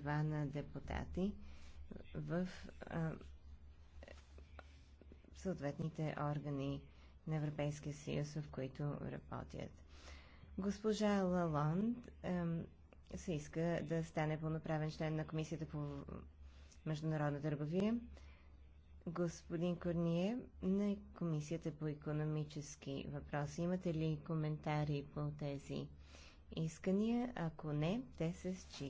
права на депутати в а, съответните органи на Европейския съюз, в които работят. Госпожа Лалонд се иска да стане пълноправен член на Комисията по международна търговия. Господин Корние, на Комисията по економически въпроси, имате ли коментари по тези искания? Ако не, те се считат.